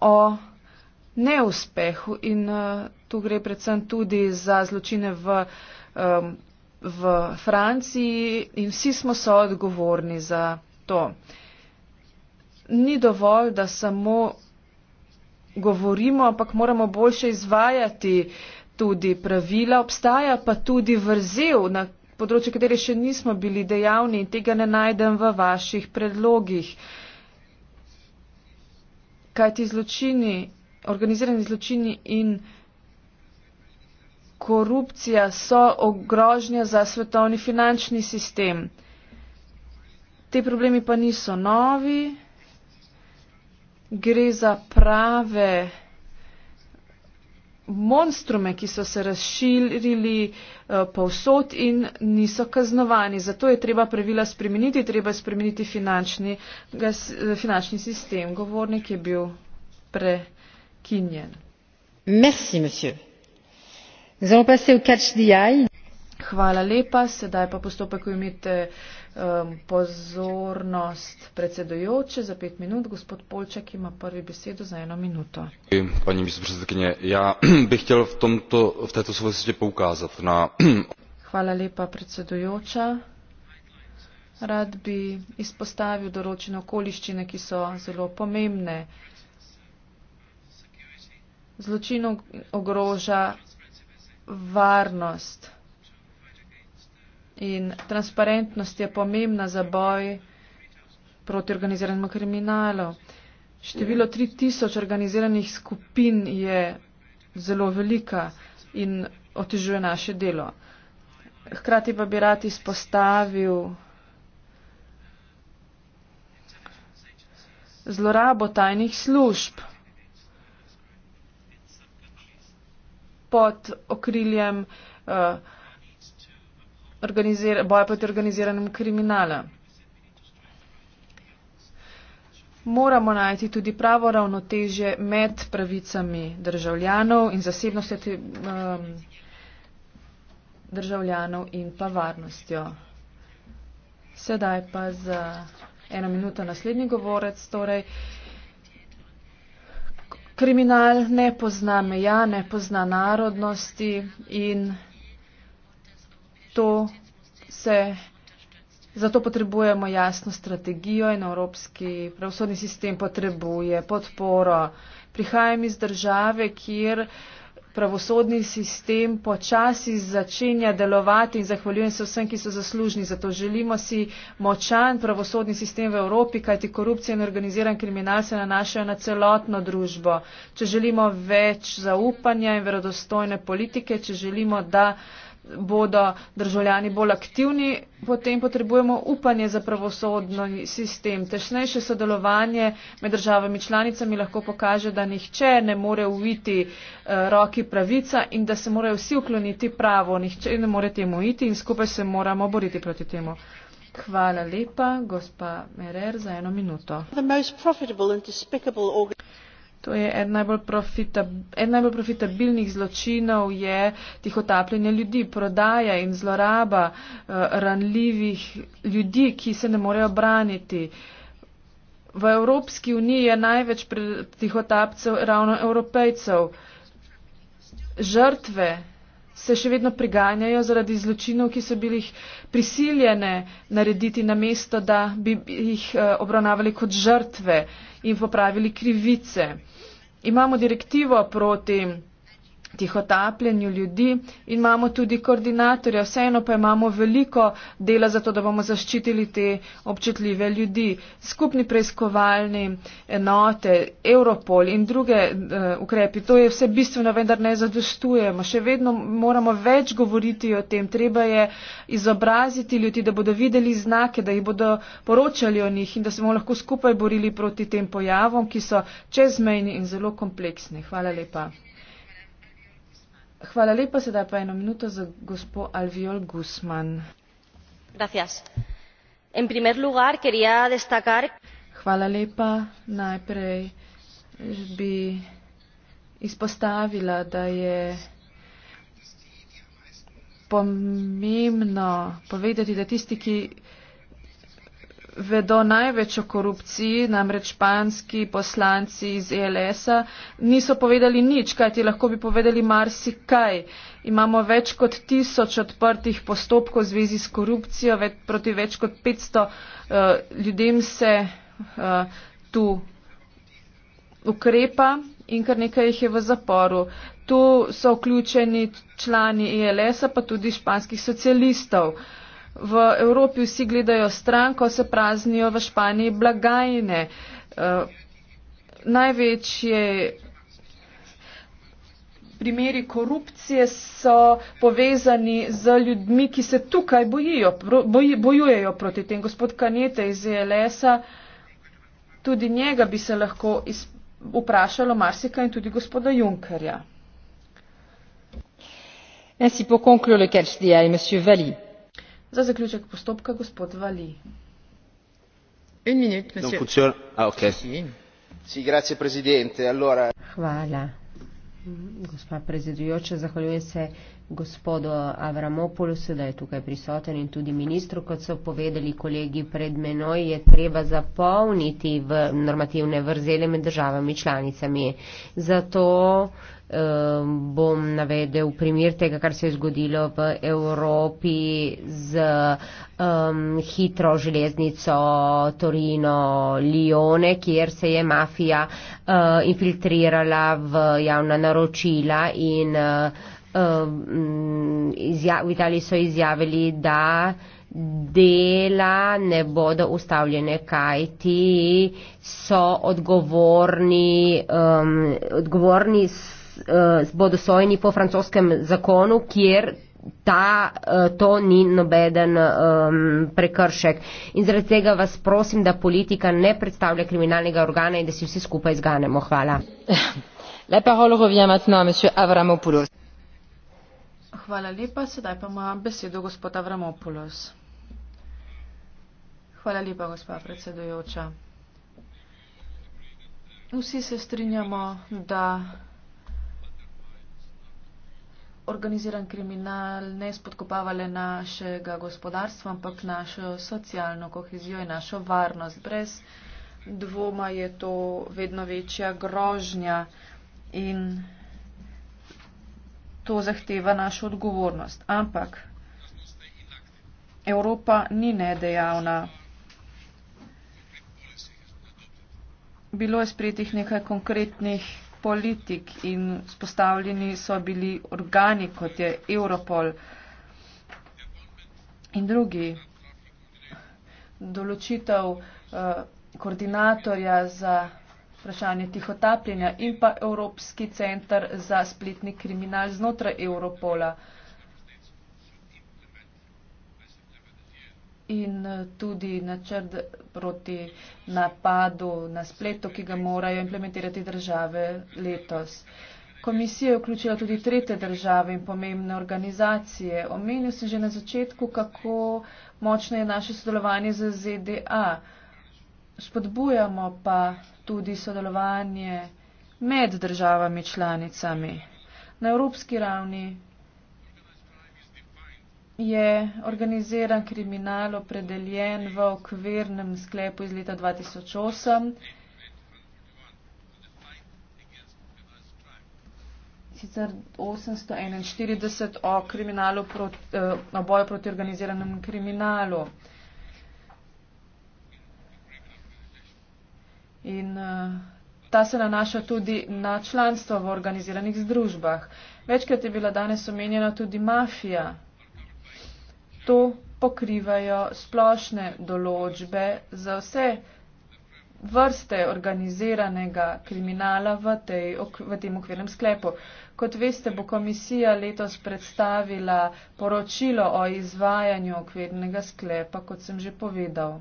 o neuspehu in uh, tu gre predvsem tudi za zločine v uh, um, v Franciji in vsi smo soodgovorni za to. Ni dovolj, da samo govorimo, ampak moramo boljše izvajati tudi pravila. Obstaja pa tudi vrzel, na področju katere še nismo bili dejavni in tega ne najdem v vaših predlogih. Kaj ti zločini, organizirani zločini in korupcija so ogrožnja za svetovni finančni sistem. Te problemi pa niso novi, gre za prave monstrume, ki so se razširili eh, povsod in niso kaznovani. Zato je treba pravila spremeniti, treba spremeniti finančni, eh, finančni sistem. Govornik je bil prekinjen. Merci, monsieur zelo pa se v catch the eye. Hvala lepa, sedaj pa postopek imite um, pozornost predsedojoče za pet minut. Gospod Polček ima prvi besedo za eno minuto. Pani vicepredsednikinja, ja bih htjel v, tomto, v tejto svojosti poukazati na. Hvala lepa, predsedojoča. Rad bi izpostavil določene okoliščine, ki so zelo pomembne. Zločin ogroža varnost. In transparentnost je pomembna za boj proti organiziranemu kriminalu. Število 3000 organiziranih skupin je zelo velika in otežuje naše delo. Hkrati pa bi rad izpostavil zlorabo tajnih služb. pod okriljem uh, boja proti organiziranem kriminalu. Moramo najti tudi pravo ravnotežje med pravicami državljanov in zasebnostjo um, državljanov in pa varnostjo. Sedaj pa za eno minuto naslednji govorec. Torej, uh, Kriminal ne pozna meja, ne pozna narodnosti in to se, zato potrebujemo jasno strategijo in evropski pravosodni sistem potrebuje podporo. Prihajam iz države, kjer pravosodni sistem počasi začenja delovati in zahvaljujem se vsem, ki so zaslužni. Zato želimo si močan pravosodni sistem v Evropi, kajti korupcija in organiziran kriminal se nanašajo na celotno družbo. Če želimo več zaupanja in verodostojne politike, če želimo, da bodo državljani bolj aktivni, potem potrebujemo upanje za pravosodni sistem. Tešnejše sodelovanje med državami članicami lahko pokaže, da nihče ne more uiti eh, roki pravica in da se morajo vsi ukloniti pravo. Nihče ne more temu uiti in skupaj se moramo boriti proti temu. Hvala lepa, gospa Merer, za eno minuto. To je en najbolj, profitab, en najbolj profitabilnih zločinov, je tihotapljenje ljudi, prodaja in zloraba uh, ranljivih ljudi, ki se ne morejo braniti. V Evropski uniji je največ tihotapcev ravno evropejcev. Žrtve se še vedno priganjajo zaradi zločinov, ki so bili prisiljene narediti na mesto, da bi jih eh, obravnavali kot žrtve in popravili krivice. Imamo direktivo proti tihotapljenju ljudi in imamo tudi koordinatorja. Vseeno pa imamo veliko dela za to, da bomo zaščitili te občutljive ljudi. Skupni preiskovalni enote, Europol in druge uh, ukrepi, to je vse bistveno, vendar ne zadostujemo. Še vedno moramo več govoriti o tem. Treba je izobraziti ljudi, da bodo videli znake, da jih bodo poročali o njih in da se bomo lahko skupaj borili proti tem pojavom, ki so čezmejni in zelo kompleksni. Hvala lepa. Hvala lepa, sedaj pa eno minuto za gospod Alviol Guzman. Hvala lepa. Najprej bi izpostavila, da je pomembno povedati, da tisti, ki vedo največ o korupciji, namreč španski poslanci iz ELS-a niso povedali nič, kajti lahko bi povedali marsikaj. Imamo več kot tisoč odprtih postopkov v zvezi s korupcijo, več, proti več kot 500 uh, eh, ljudem se uh, tu ukrepa in kar nekaj jih je v zaporu. Tu so vključeni člani ELS-a, pa tudi španskih socialistov. Uh, v Evropi vsi gledajo stran, ko se praznijo v Španiji blagajne. Eh, največje primeri korupcije so povezani z ljudmi, ki se tukaj bojijo, boji, bojujejo proti tem. Gospod Kanete iz ELS-a, tudi njega bi se lahko iz, vprašalo marsika in tudi gospoda Junkerja. Ainsi pour conclure le catch d'IA, M. Valli. Za zaključek postopka gospod Vali. Ah, Hvala. Gospa predsedujoča, zahvaljujem se gospodu Avramopolusu, da je tukaj prisoten in tudi ministru, kot so povedali kolegi pred menoj, je treba zapolniti v normativne vrzele med državami članicami. Zato uh, bom navedel primer tega, kar se je zgodilo v Evropi z um, hitro železnico Torino-Lione, kjer se je mafija uh, infiltrirala v javna naročila in uh, izja, v Italiji so izjavili, da dela ne bodo ustavljene, kaj ti so odgovorni, um, odgovorni so uh, bodo sojeni po francoskem zakonu, kjer ta, uh, to ni nobeden um, prekršek. In zaradi tega vas prosim, da politika ne predstavlja kriminalnega organa in da si vsi skupaj zganemo. Hvala. Hvala lepa, sedaj pa ima besedo gospod Avramopoulos. Hvala lepa, gospa predsedujoča. Vsi se strinjamo, da organiziran kriminal ne spodkopavale našega gospodarstva, ampak našo socialno kohezijo in našo varnost. Brez dvoma je to vedno večja grožnja in to zahteva našo odgovornost. Ampak Evropa ni nedejavna. Bilo je sprejetih nekaj konkretnih politik in spostavljeni so bili organi, kot je Europol in drugi. Določitev uh, koordinatorja za vprašanje tihotapljenja in pa Evropski centr za spletni kriminal znotraj Europola. In eh, tudi načrt proti napadu na spletu, ki ga morajo implementirati države letos. Komisija je vključila tudi trete države in pomembne organizacije. Omenil sem že na začetku, kako močno je naše sodelovanje z ZDA. Spodbujamo pa tudi sodelovanje med državami članicami. Na evropski ravni je organiziran kriminal opredeljen v okvirnem sklepu iz leta 2008. Sicer 841 o kriminalu proti, eh, boju proti organiziranem kriminalu. In eh, ta se nanaša tudi na članstvo v organiziranih združbah. Večkrat je bila danes omenjena tudi mafija to pokrivajo splošne določbe za vse vrste organiziranega kriminala v, tej, v tem okvirnem sklepu. Kot veste, bo komisija letos predstavila poročilo o izvajanju okvirnega sklepa, kot sem že povedal.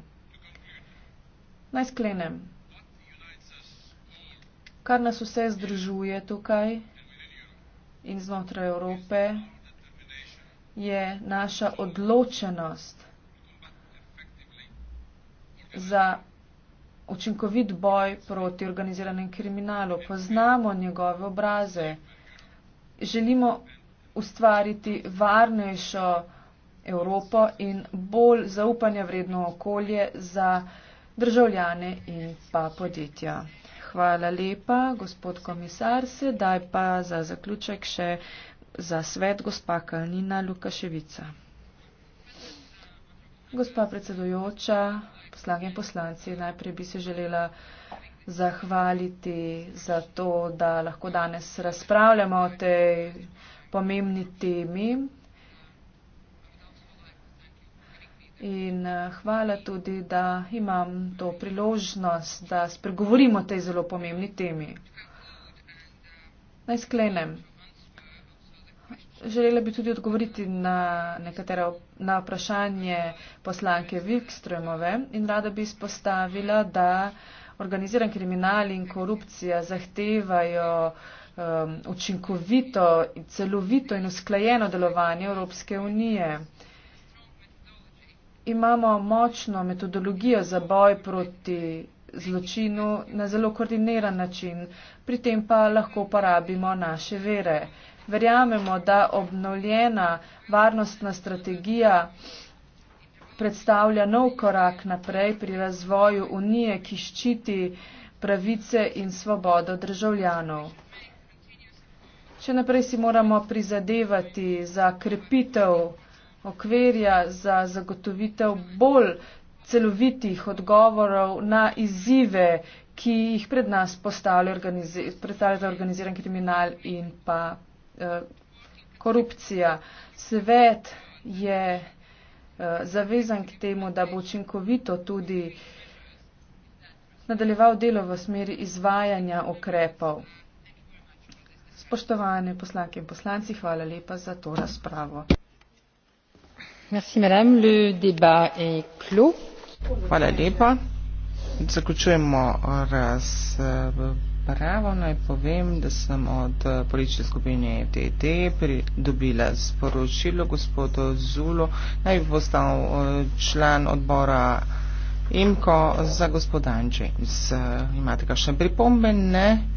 Naj sklenem. Kar nas vse združuje tukaj in znotraj Evrope, je naša odločenost za učinkovit boj proti organiziranem kriminalu. Poznamo njegove obraze. Želimo ustvariti varnejšo Evropo in bolj zaupanja vredno okolje za državljane in pa podjetja. Hvala lepa, gospod komisar, sedaj pa za zaključek še za svet gospa Kalnina Lukaševica. Gospa predsedujoča, poslanke in poslanci, najprej bi se želela zahvaliti za to, da lahko danes razpravljamo o tej pomembni temi. In eh, hvala tudi, da imam to priložnost, da spregovorimo o tej zelo pomembni temi. Naj sklenem. Želela bi tudi odgovoriti na nekatera na vprašanje poslanke Vikstromove in rada bi izpostavila, da organiziran kriminal in korupcija zahtevajo um, učinkovito, celovito in usklajeno delovanje Evropske unije. Imamo močno metodologijo za boj proti zločinu na zelo koordiniran način, pri tem pa lahko uporabimo naše vere verjamemo, da obnovljena varnostna strategija predstavlja nov korak naprej pri razvoju unije, ki ščiti pravice in svobodo državljanov. Še naprej si moramo prizadevati za krepitev okverja, za zagotovitev bolj celovitih odgovorov na izzive, ki jih pred nas postavlja organizi predstavljata organiziran kriminal in pa Eh, korupcija. Svet je eh, zavezan k temu, da bo učinkovito tudi nadaljeval delo v smeri izvajanja okrepov. Spoštovane poslanke in poslanci, hvala lepa za to razpravo. Merci, madame. Le débat est clos. Hvala lepa. Zaključujemo razpravo pripravo naj povem, da sem od eh, politične skupine FDD dobila sporočilo gospodu Zulu, naj bi postal eh, član odbora IMKO za gospod Anđe. Eh, imate kakšne pripombe? Ne.